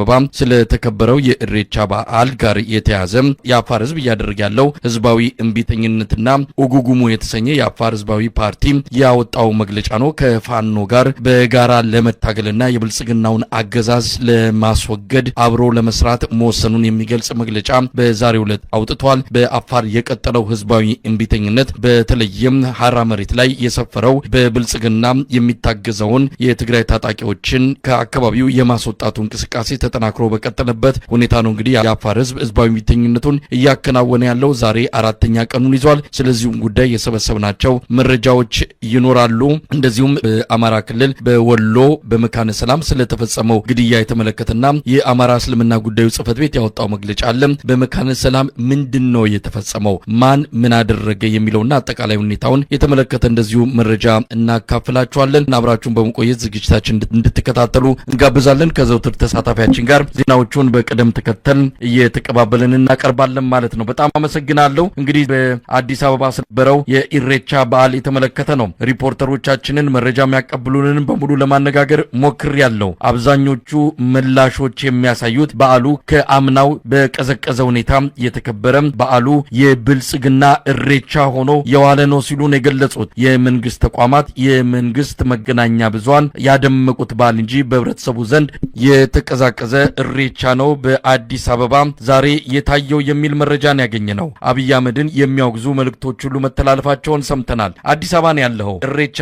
አበባ ስለተከበረው የእሬቻ በዓል ጋር የተያዘ የአፋር ህዝብ እያደረገ ያለው ህዝባዊ እምቢተኝነትና ኡጉጉሙ የተሰኘ የአፋር ህዝባዊ ፓርቲ ያወጣው መግለጫ ነው። ከፋኖ ጋር በጋራ ለመታገልና የብልጽግናውን አገዛዝ ለማስወገድ አብሮ ለመስራት መወሰኑን የሚገልጽ መግለጫ በዛሬው ዕለት አውጥቷል። በአፋር የቀጠለው ህዝባዊ እምቢተኝነት በተለይም ሀራ መሬት ላይ የሰፈረው በብልጽግና የሚታገዘውን የትግራይ ታጣቂዎችን ከአካባቢው የማስወጣቱ እንቅስቃሴ ተጠናክሮ በቀጠለበት ሁኔታ ነው እንግዲህ የአፋር ህዝብ ህዝባዊ ሚተኝነቱን እያከናወነ ያለው ዛሬ አራተኛ ቀኑን ይዟል። ስለዚሁም ጉዳይ የሰበሰብናቸው መረጃዎች ይኖራሉ። እንደዚሁም በአማራ ክልል በወሎ በመካነ ሰላም ስለተፈጸመው ግድያ የተመለከተና የአማራ እስልምና ጉዳዩ ጽህፈት ቤት ያወጣው መግለጫ አለ። በመካነ ሰላም ምንድን ነው የተፈጸመው፣ ማን ምን አደረገ የሚለውና አጠቃላይ ሁኔታውን የተመለከተ እንደዚሁ መረጃ እናካፍላችኋለን። አብራችሁን በመቆየት ዝግጅታችን እንድትከታተሉ እንጋብዛለን። ከዘውትር ተሳታፊያችን ዜናዎቻችን ጋር ዜናዎቹን በቅደም ተከተል እየተቀባበልን እናቀርባለን ማለት ነው። በጣም አመሰግናለሁ። እንግዲህ በአዲስ አበባ ስለነበረው የኢሬቻ በዓል የተመለከተ ነው። ሪፖርተሮቻችንን መረጃ የሚያቀብሉንን በሙሉ ለማነጋገር ሞክር ያለው አብዛኞቹ ምላሾች የሚያሳዩት በዓሉ ከአምናው በቀዘቀዘ ሁኔታ የተከበረ በዓሉ የብልጽግና እሬቻ ሆኖ የዋለ ነው ሲሉን የገለጹት የመንግስት ተቋማት የመንግስት መገናኛ ብዙሃን ያደመቁት በዓል እንጂ በህብረተሰቡ ዘንድ የተቀዛቀ የቀዘቀዘ እሬቻ ነው በአዲስ አበባ ዛሬ የታየው የሚል መረጃን ያገኘ ነው። አብይ አህመድን የሚያወግዙ መልእክቶች ሁሉ መተላለፋቸውን ሰምተናል። አዲስ አበባ ነው ያለው እሬቻ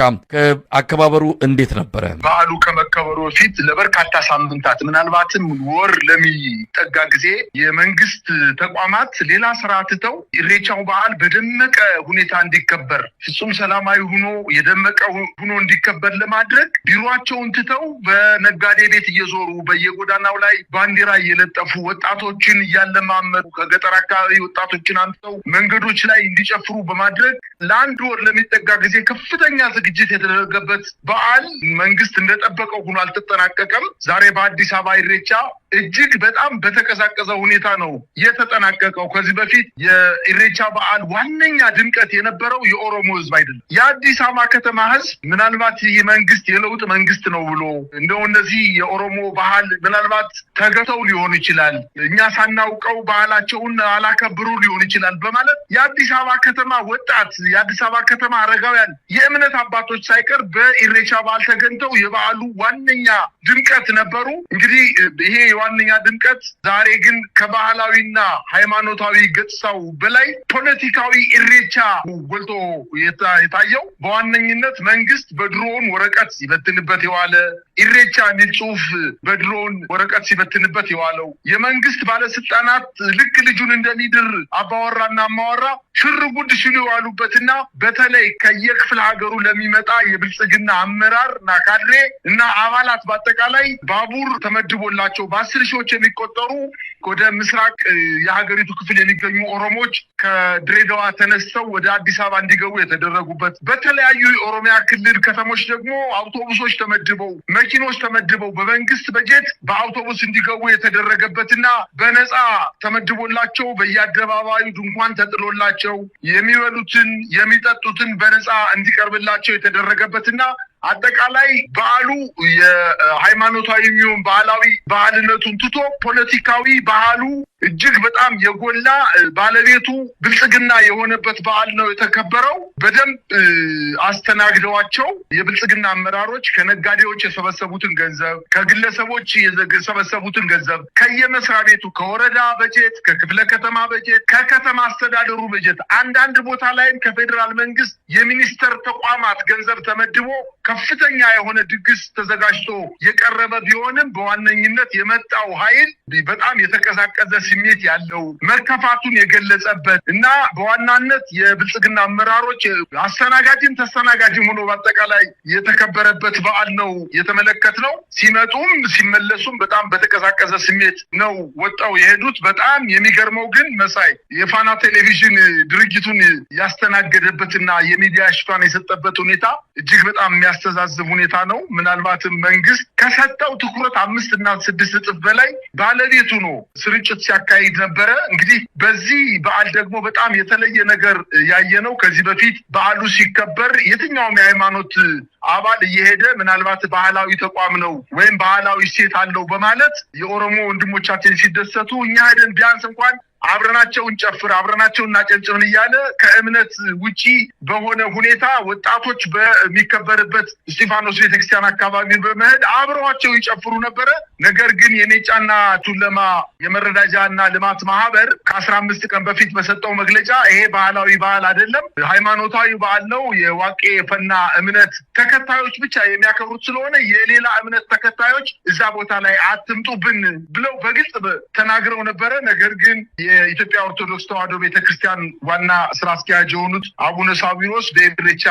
አከባበሩ እንዴት ነበረ? በዓሉ ከመከበሩ በፊት ለበርካታ ሳምንታት ምናልባትም ወር ለሚጠጋ ጊዜ የመንግስት ተቋማት ሌላ ስራ ትተው እሬቻው በዓል በደመቀ ሁኔታ እንዲከበር ፍጹም ሰላማዊ ሁኖ የደመቀ ሁኖ እንዲከበር ለማድረግ ቢሮቸውን ትተው በነጋዴ ቤት እየዞሩ በየጎዳና በጎዳናው ላይ ባንዲራ እየለጠፉ ወጣቶችን እያለማመዱ ከገጠር አካባቢ ወጣቶችን አንተው መንገዶች ላይ እንዲጨፍሩ በማድረግ ለአንድ ወር ለሚጠጋ ጊዜ ከፍተኛ ዝግጅት የተደረገበት በዓል መንግስት እንደጠበቀው ሆኖ አልተጠናቀቀም። ዛሬ በአዲስ አበባ ኢሬቻ እጅግ በጣም በተቀዛቀዘ ሁኔታ ነው የተጠናቀቀው። ከዚህ በፊት የኢሬቻ በዓል ዋነኛ ድምቀት የነበረው የኦሮሞ ህዝብ አይደለም። የአዲስ አበባ ከተማ ህዝብ ምናልባት ይህ መንግስት የለውጥ መንግስት ነው ብሎ እንደው እነዚህ የኦሮሞ ባህል ምናልባት ምናልባት ተገተው ሊሆን ይችላል፣ እኛ ሳናውቀው ባህላቸውን አላከብሩ ሊሆን ይችላል በማለት የአዲስ አበባ ከተማ ወጣት የአዲስ አበባ ከተማ አረጋውያን የእምነት አባቶች ሳይቀር በኢሬቻ በዓል ተገኝተው የበዓሉ ዋነኛ ድምቀት ነበሩ። እንግዲህ ይሄ የዋነኛ ድምቀት ዛሬ ግን ከባህላዊና ሃይማኖታዊ ገጽታው በላይ ፖለቲካዊ እሬቻ ጎልቶ የታየው በዋነኝነት መንግስት በድሮውን ወረቀት ሲበትንበት የዋለ ኢሬቻ የሚል ጽሁፍ በድሮን ወረቀት ሲበትንበት የዋለው የመንግስት ባለስልጣናት ልክ ልጁን እንደሚድር አባወራና አማወራ ሽር ጉድ ሲሉ የዋሉበትና በተለይ ከየክፍለ ሀገሩ ለሚመጣ የብልጽግና አመራር እና ካድሬ እና አባላት ባጠቃ አጠቃላይ ባቡር ተመድቦላቸው በአስር ሺዎች የሚቆጠሩ ወደ ምስራቅ የሀገሪቱ ክፍል የሚገኙ ኦሮሞዎች ከድሬዳዋ ተነስተው ወደ አዲስ አበባ እንዲገቡ የተደረጉበት፣ በተለያዩ የኦሮሚያ ክልል ከተሞች ደግሞ አውቶቡሶች ተመድበው መኪኖች ተመድበው በመንግስት በጀት በአውቶቡስ እንዲገቡ የተደረገበትና በነፃ ተመድቦላቸው በየአደባባዩ ድንኳን ተጥሎላቸው የሚበሉትን የሚጠጡትን በነፃ እንዲቀርብላቸው የተደረገበትና አጠቃላይ በዓሉ የሃይማኖታዊ የሚሆን ባህላዊ ባህልነቱን ትቶ ፖለቲካዊ ባህሉ እጅግ በጣም የጎላ ባለቤቱ ብልጽግና የሆነበት በዓል ነው የተከበረው። በደንብ አስተናግደዋቸው የብልጽግና አመራሮች ከነጋዴዎች የሰበሰቡትን ገንዘብ፣ ከግለሰቦች የሰበሰቡትን ገንዘብ ከየመስሪያ ቤቱ ከወረዳ በጀት፣ ከክፍለ ከተማ በጀት፣ ከከተማ አስተዳደሩ በጀት አንዳንድ ቦታ ላይም ከፌዴራል መንግስት የሚኒስቴር ተቋማት ገንዘብ ተመድቦ ከፍተኛ የሆነ ድግስ ተዘጋጅቶ የቀረበ ቢሆንም በዋነኝነት የመጣው ኃይል በጣም የተቀሳቀዘ ስሜት ያለው መከፋቱን የገለጸበት እና በዋናነት የብልጽግና አመራሮች አስተናጋጅም ተስተናጋጅም ሆኖ በአጠቃላይ የተከበረበት በዓል ነው ነው። ሲመጡም ሲመለሱም በጣም በተቀዛቀዘ ስሜት ነው ወጣው የሄዱት። በጣም የሚገርመው ግን መሳይ የፋና ቴሌቪዥን ድርጅቱን ያስተናገደበትና የሚዲያ ሽፋን የሰጠበት ሁኔታ እጅግ በጣም የሚያስተዛዝብ ሁኔታ ነው። ምናልባትም መንግስት ከሰጠው ትኩረት አምስት እና ስድስት እጥፍ በላይ ባለቤቱ ነው ስርጭት ሲያ ሲያካሂድ ነበረ። እንግዲህ በዚህ በዓል ደግሞ በጣም የተለየ ነገር ነው። ከዚህ በፊት በዓሉ ሲከበር የትኛውም የሃይማኖት አባል እየሄደ ምናልባት ባህላዊ ተቋም ነው ወይም ባህላዊ እሴት አለው በማለት የኦሮሞ ወንድሞቻችን ሲደሰቱ እኛ ሄደን ቢያንስ እንኳን አብረናቸው እንጨፍር አብረናቸው እናጨብጭብን እያለ ከእምነት ውጪ በሆነ ሁኔታ ወጣቶች በሚከበርበት እስጢፋኖስ ቤተክርስቲያን አካባቢ በመሄድ አብረዋቸው ይጨፍሩ ነበረ። ነገር ግን የኔጫና ቱለማ የመረዳጃና ልማት ማህበር ከአስራ አምስት ቀን በፊት በሰጠው መግለጫ ይሄ ባህላዊ በዓል አይደለም፣ ሃይማኖታዊ በዓል ነው፣ የዋቄ ፈና እምነት ተከ ተከታዮች ብቻ የሚያከብሩት ስለሆነ የሌላ እምነት ተከታዮች እዛ ቦታ ላይ አትምጡብን ብለው በግልጽ ተናግረው ነበረ። ነገር ግን የኢትዮጵያ ኦርቶዶክስ ተዋሕዶ ቤተክርስቲያን ዋና ስራ አስኪያጅ የሆኑት አቡነ ሳዊሮስ በኢሬቻ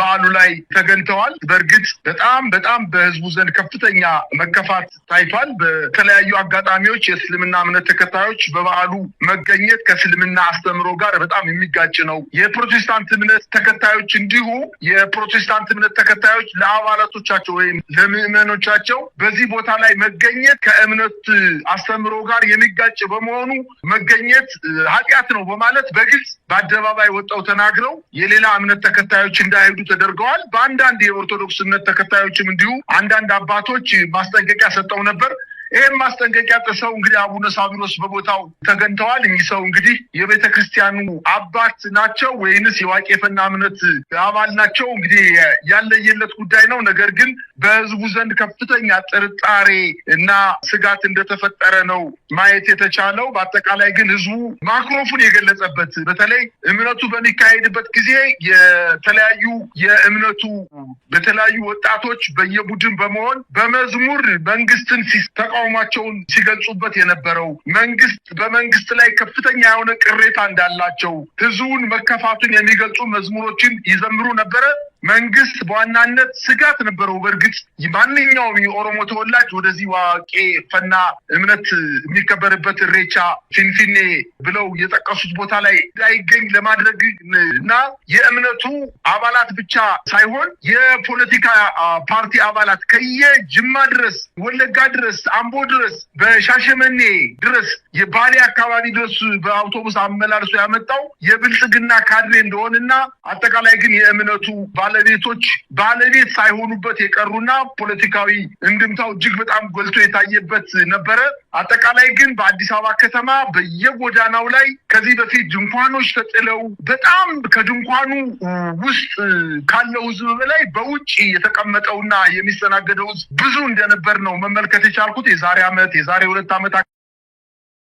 በዓሉ ላይ ተገኝተዋል። በእርግጥ በጣም በጣም በህዝቡ ዘንድ ከፍተኛ መከፋት ታይቷል። በተለያዩ አጋጣሚዎች የእስልምና እምነት ተከታዮች በበዓሉ መገኘት ከእስልምና አስተምሮ ጋር በጣም የሚጋጭ ነው። የፕሮቴስታንት እምነት ተከታዮች እንዲሁ የፕሮቴስታንት እምነት ተከ ተከታዮች ለአባላቶቻቸው ወይም ለምእመኖቻቸው በዚህ ቦታ ላይ መገኘት ከእምነት አስተምሮ ጋር የሚጋጭ በመሆኑ መገኘት ኃጢአት ነው በማለት በግልጽ በአደባባይ ወጣው ተናግረው የሌላ እምነት ተከታዮች እንዳይሄዱ ተደርገዋል። በአንዳንድ የኦርቶዶክስ እምነት ተከታዮችም እንዲሁ አንዳንድ አባቶች ማስጠንቀቂያ ሰጠው ነበር። ይህም ማስጠንቀቂያ ጥሰው እንግዲህ አቡነ ሳዊሮስ በቦታው ተገኝተዋል። እኚህ ሰው እንግዲህ የቤተ ክርስቲያኑ አባት ናቸው ወይንስ ፈና እምነት አባል ናቸው? እንግዲህ ያለየለት ጉዳይ ነው። ነገር ግን በህዝቡ ዘንድ ከፍተኛ ጥርጣሬ እና ስጋት እንደተፈጠረ ነው ማየት የተቻለው። በአጠቃላይ ግን ህዝቡ ማክሮፉን የገለጸበት በተለይ እምነቱ በሚካሄድበት ጊዜ የተለያዩ የእምነቱ በተለያዩ ወጣቶች በየቡድን በመሆን በመዝሙር መንግስትን ሲተቃ ተቃውሟቸውን ሲገልጹበት የነበረው መንግስት በመንግስት ላይ ከፍተኛ የሆነ ቅሬታ እንዳላቸው ህዝቡን መከፋቱን የሚገልጹ መዝሙሮችን ይዘምሩ ነበረ። መንግስት በዋናነት ስጋት ነበረው። በእርግጥ ማንኛውም የኦሮሞ ተወላጅ ወደዚህ ዋቄ ፈና እምነት የሚከበርበት እሬቻ ፊንፊኔ ብለው የጠቀሱት ቦታ ላይ እንዳይገኝ ለማድረግ እና የእምነቱ አባላት ብቻ ሳይሆን የፖለቲካ ፓርቲ አባላት ከየጅማ ድረስ፣ ወለጋ ድረስ፣ አምቦ ድረስ፣ በሻሸመኔ ድረስ፣ የባሌ አካባቢ ድረስ በአውቶቡስ አመላልሶ ያመጣው የብልጽግና ካድሬ እንደሆነና አጠቃላይ ግን የእምነቱ ባለቤቶች ባለቤት ሳይሆኑበት የቀሩና ፖለቲካዊ እንድምታው እጅግ በጣም ጎልቶ የታየበት ነበረ። አጠቃላይ ግን በአዲስ አበባ ከተማ በየጎዳናው ላይ ከዚህ በፊት ድንኳኖች ተጥለው በጣም ከድንኳኑ ውስጥ ካለው ህዝብ በላይ በውጭ የተቀመጠውና የሚስተናገደው ህዝብ ብዙ እንደነበር ነው መመልከት የቻልኩት። የዛሬ ዓመት የዛሬ ሁለት ዓመት